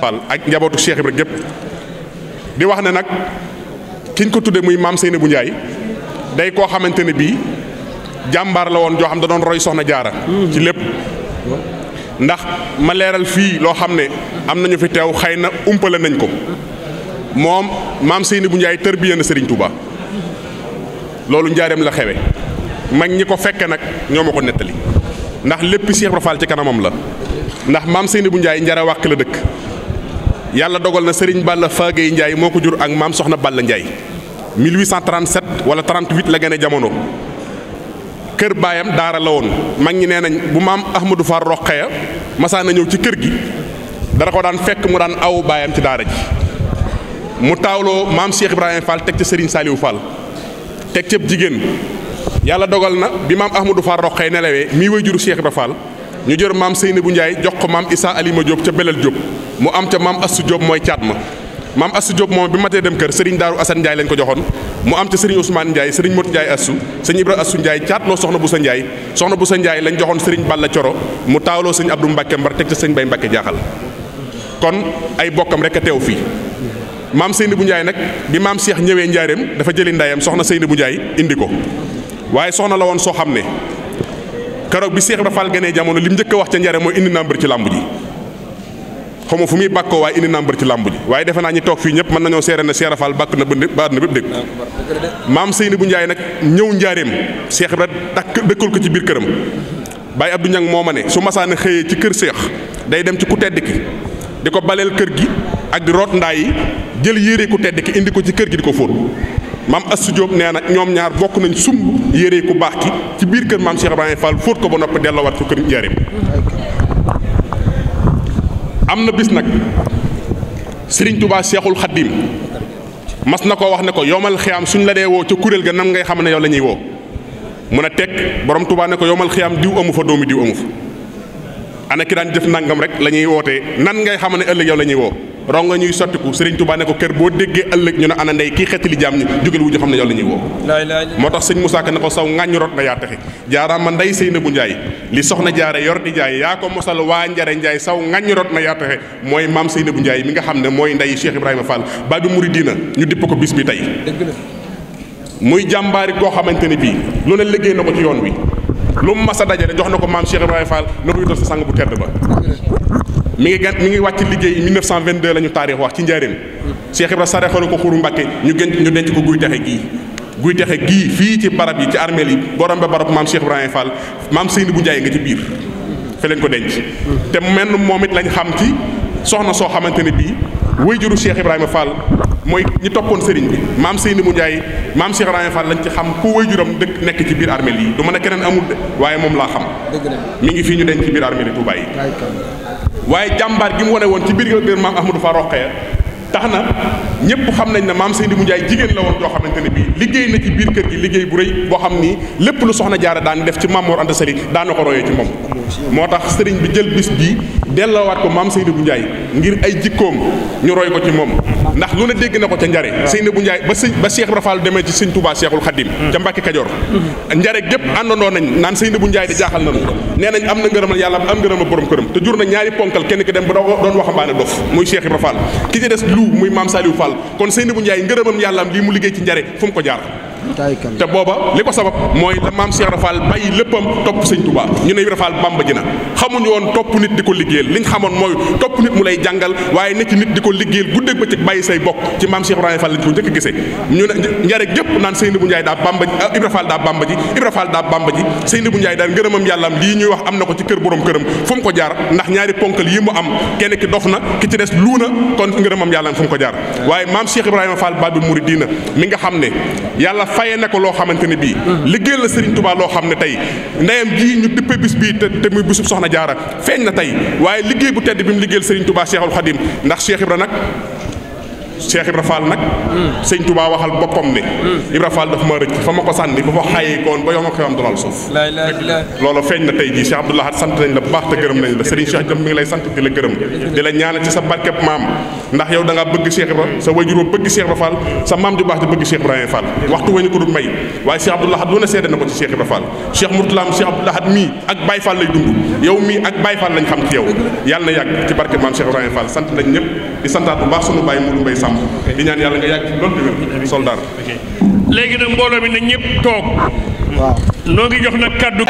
fal ak njabootu Cheikh Ibra gépp di wax ne nag kiñ ko tudde muy maam Seynabou njaay day koo xamante ne bii jàmbaar la woon joo xam da doon roy soxna jaara ci lépp ndax ma leeral fii loo xam ne am nañu fi teew xëy na umpale nañ ko moom maam Seynabou Ndiaye tërbiya na Serigne Touba loolu njaareem la xewe mag ñi ko fekke nag ñoo ma ko nettali ndax lépp Cheikh Ibra Fall ci kanamam la ndax maam Seynabou njaay njare wàq la dëkk yàlla dogal na Serigne Balla Fagey Ndiaye moo ko jur ak maam Soxna Balla Ndiaye 1837 wala 38 la gane jamono kër baayam daara la woon mag ñi nee nañ bu maam Ahmadou Far Roqeya masaana ñëw ci kër gi dara ko daan fekk mu daan awu baayam ci daara ji mu taawloo maam Cheikh Ibrahima Fall teg ca Serigne Saliou Fall teg ca jigéen yàlla dogal na bi maam Ahmadou Fall Roqeya nelawee mii way juru Cheikh Ibrahima Fall ñu jël maam Seynabou Ndiaye jox ko maam Issa Alima Diop ca Belel Diop. mu am ca maam Astou Diop mooy caat ma maam Astou Diop moom bi matee dem kër Serigne Darou Assane Ndiaye lañ ko joxoon mu am ca Serigne Ousmane Ndiaye Serigne Modou Ndiaye Astou Serigne Ibra Astou Ndiaye caatloo soxna bu sa Ndiaye soxna bu sa Ndiaye lañ joxoon Serigne Balla Coro mu taawloo Serigne Abdou Mbacke Mbar teg ca Serigne Baye Mbacke jaaxal kon ay bokkam rek a teew fii maam bu njaay nag bi maam Cheikh ñëwee njaareem dafa jëli ndayam soxna bu Ndiaye indi ko waaye soxna la woon soo xam ne keroog bi Cheikh Ibra Fall gënee jamono li mu jëkk a wax ca njaareem mooy indi naa mbër ci làmb ji xaw fu muy bàkkoo waaye indi nambar ci làmb ji waaye defe naa ñi toog fii ñëpp mën nañoo seere ne Cheikh Fall bàkk na ba baat na bépp dégg maam Seyni bu Njaay nag ñëw njaareem Cheikh Ibra dakk dëkkal ko ci biir këram Baye Abdou Niang moo ma ne su masaane xëyee ci kër Cheikh day dem ci ku tedd ki di ko baleel kër gi ak di root ndaa yi jël yére ku tedd ki indi ko ci kër gi di ko fóot maam Astou Diop nee na ñoom ñaar bokk nañ sumb yére ku baax ki ci biir kër maam Cheikh Ibrahima Fall fóot ko ba noppi delloowaat ko kër njaareem am na bis nag Serigne Touba Cheikhul Khadim mas na koo wax ne ko yomal xiyaam suñ la dee woo ca kuréel ga nan ngay xam ne yow la ñuy woo mën a teg borom Touba ne ko yomal xiyaam diw amu fa doomi diw amu fa ana ki daan jëf nangam rek la ñuy wootee nan ngay xam ne ëllëg yow la ñuy woo. ronga ñuy sottiku sëriñ Touba ne ko kër boo déggee ëllëg ñu ne ana ndey kii xettali jaam ñi jógal wujju xam ne yow la ñuy woo moo tax sëñ Moussa Ka ne ko saw ŋàññ rot nga yaa taxi jaaraam ndey sëy na njaay li soxna jaare yor di jaay yaa ko mosal waa njare njaay saw ŋàññ rot na yaa taxe mooy maam sëy na bu njaay mi nga xam ne mooy ndey Cheikh Ibrahima Fall ba bi muridina ñu dipp ko bis bi tey muy jàmbaari koo xamante ni bii lu ne liggéey na ko yoon wi lu mu mas a dajale jox na ko maam Cheikh Ibrahima Fall na ko yutal sa sang bu ba mi ngi gàtt mi ngi wàcc liggéey 1922 la ñu taarix wax ci njaareem Cheikh Ibra sarexalu ko xuru Mbàkke ñu gën ñu denc ko guy texe gii guy texe gii fii ci barab yi ci armeel yi borom ba barab maam Cheikh Ibrahima Fall maam Seyni bu Njaay nga ci biir fe ko denc te menn moom it lañ xam ci soxna soo xamante ne bii wéyjuru Cheikh Ibrahima Fall mooy ñi toppoon sëriñ bi maam Seyni mu Njaay maam Cheikh Ibrahima Fall lañ ci xam ku waajuram dëkk nekk ci biir armeel yi du mën a keneen amul de waaye moom laa xam mi ngi fii ñu denc ci biir armeel yi Touba yi waaye jàmbaar gi mu wane woon ci biir biir maam Ahmadou Fall Rokhaya tax na ñëpp xam nañ ne maam Seyni mu Njaay jigéen la woon joo xamante ne bii liggéey na ci biir kër gi liggéey bu rëy boo xam ni lépp lu soxna jaara daan def ci Maam Mor Anta Sali daan ko royee ci moom moo tax bi jël bis bi delloowaat ko maam Seyni bu Njaay ngir ay jikkoom ñu roy ko ci moom ndax lu ne dégg na ko ca njare Seynabou Ndiaye ba sëñ ba Cheikh Ibra Fall demee ci sëñ Touba Cheikhul Khadim mm. ca Mbàkke Kajoor mm-hmm. njare gépp àndandoo nañ naan Seynabou Ndiaye di jaaxal nañu nee nañ am na ngërëmal yàlla am ngërëmal borom këram te jur na ñaari ponkal kenn ki dem ba doon waxambaane dof muy Cheikh Ibra Fall ki ci des lu muy Maam Saliou Fall kon Seynabou Ndiaye ngërëmam yàllaam lii mu liggéey ci njare fu mu ko jaar te booba li ko sabab mooy la maam Cheikh Rafal bàyyi léppam topp sëñ Touba ñu ne Rafal Bamba ji na xamuñu woon topp nit di ko liggéeyal liñ xamoon mooy topp nit mu lay jàngal waaye ne ci nit di ko liggéeyal guddeeg bëccëg bàyyi say bokk ci maam Cheikh Ibrahima Fall lañ ko njëkk gisee ñu ne njare gépp naan Seydou bu Ndiaye daa Bamba ji ah, Ibra Fall daa Bamba ji Ibra Fall daa Bamba ji Seydou bu Ndiaye daal ngërëmam yàllaam lii ñuy wax am na ko ci kër borom këram fu mu ko jaar ndax ñaari ponkal yi mu am kenn ki dof na ki ci des luu na kon ngërëmam yàllaam fu mu ko jaar waaye maam Cheikh Ibrahima Fall Baabul Muridiina mi nga xam ne yàlla fayee na ko loo xamante ne bii liggéey la Serigne Touba loo xam ne tey ndeyam ji ñu dippe bis bii te te muy bisub soxna jaara feeñ na tey waaye liggéey bu tedd bi mu liggéeyal Serigne Touba Cheikhul Khadim ndax Cheikh Ibra nag Cheikh Ibra Fall nag hmm. sëñ Touba waxal boppam ne hmm. Ibra Fall dafa ma rëcc fa ma ko sànni ba fa xaye koon ba yow ma koy am dolal suuf loolu feeñ na tey jii Cheikh Abdou sant nañ la bu baax te gërëm nañ la Serigne Cheikh jëm mi ngi lay sant di la gërëm di la ñaanal ci sa barkeb maam ndax yow da ngaa bëgg Cheikh Ibra sa wajuroo bëgg Cheikh Ibra Fall sa maam ju baax di bëgg Cheikh Ibrahima Fall waxtu wañu ko du may waaye Cheikh Abdou Lahad ne seede na ko ci Cheikh Ibra Fall Cheikh Mourtalaam Cheikh Abdou mii ak Baye Fall lay xam ci yow yàlla na yàgg ci barkeb maam Cheikh Ibrahima Fall sant nañ ñëpp di santaat bu baax sunu Baye Mourou Mbaye sàmm di ñaan yàlla nga yàgg loolu tamit soldaar léegi nag mbooloo mi na ñëpp toog noo ngi jox nag kàddu